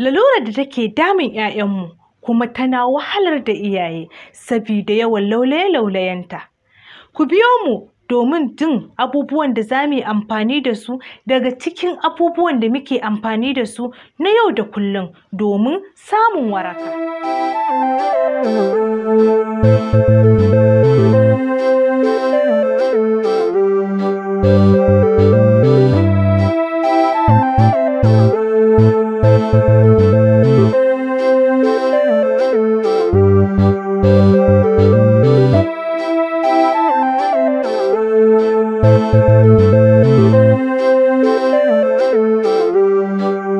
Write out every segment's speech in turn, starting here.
lalurar da take damun 'ya'yanmu kuma tana wahalar da iyaye sabida yawan laulaye-laulayenta. Ku biyo mu domin jin abubuwan da za mu yi amfani da su daga cikin abubuwan da muke amfani da su na yau da kullum domin samun waraka.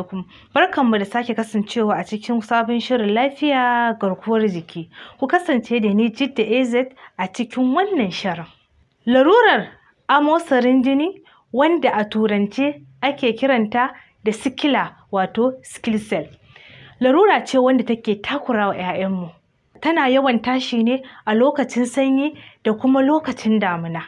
alaikum. Barkanmu da sake kasancewa a cikin sabon shirin lafiya garkuwar jiki. Ku kasance da ni Jidda AZ a cikin wannan shirin. Larurar amosarin jini wanda a turance ake kiranta da sikila wato skill cell. Larura ce wanda take takurawa 'ya'yanmu. Tana yawan tashi ne a lokacin sanyi da kuma lokacin damina.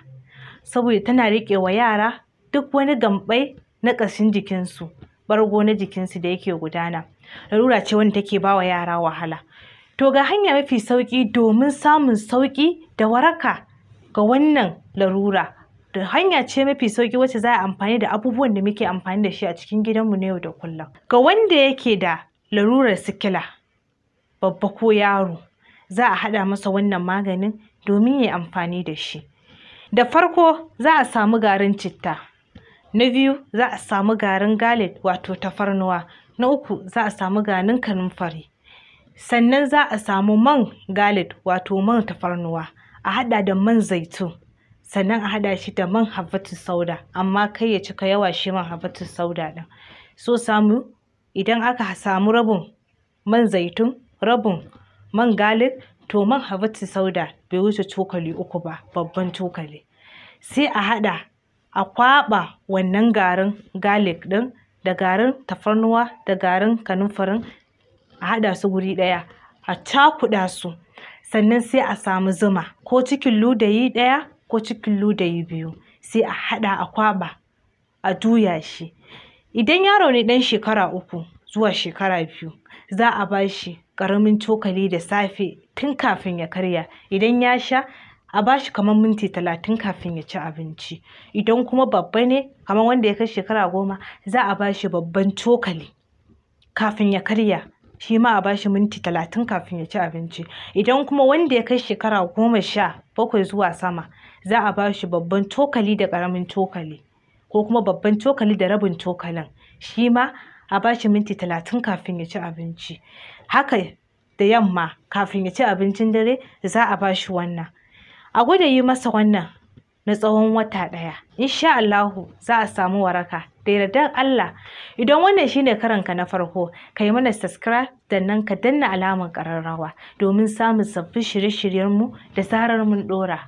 Saboda tana riƙe wa yara duk wani gambai na ƙashin jikinsu bargo na jikinsu da yake gudana larura ce wanda take ba wa yara wahala to ga hanya mafi sauƙi domin samun sauƙi da waraka ga wannan larura da hanya ce mafi sauki wacce za a amfani da abubuwan da muke amfani da shi a cikin gidanmu na yau da kullum ga wanda yake da larurar sikila babba ko yaro za a haɗa masa wannan maganin domin ya amfani da shi da farko za a samu garin citta na biyu za a samu garin galid wato tafarnuwa na uku za a samu garin kanumfari sannan za a samu man galid wato man tafarnuwa a haɗa da man zaitun sannan a haɗa shi da man habbatus sauda amma kai ya cika yawa shi man habbatus sauda ɗin so samu idan aka samu rabin man zaitun rabin man galid to man habbatus sauda bai wuce cokali uku ba babban cokali sai a haɗa a kwaɓa wannan garin garlic ɗin da garin tafarnuwa da garin kanumfarin a haɗa su guri ɗaya a cakuɗa su sannan sai a samu zuma ko cikin ludayi ɗaya ko cikin ludayi biyu sai a haɗa a kwaɓa a juya shi idan yaro ne ɗan shekara uku zuwa shekara biyu za a ba shi ƙaramin cokali da safe tun kafin ya karya idan ya sha a bashi kamar minti talatin kafin ya ci abinci idan kuma babba ne kamar wanda ya kai shekara goma za a bashi babban cokali kafin ya karya shi ma a bashi minti talatin kafin ya ci abinci idan kuma wanda ya kai shekara goma sha bakwai zuwa sama za a bashi babban cokali da karamin cokali ko kuma babban cokali da rabin cokalin shi ma a bashi minti talatin kafin ya ci abinci haka da yamma kafin ya ci abincin dare za a bashi wannan a gwada yi masa wannan na tsawon wata ɗaya insha Allahu za a samu waraka da yardan Allah idan wannan shine karanka na farko ka yi mana subscribe nan ka danna alamar ƙararrawa domin samun sabbin shirye-shiryenmu da zarar mun ɗora.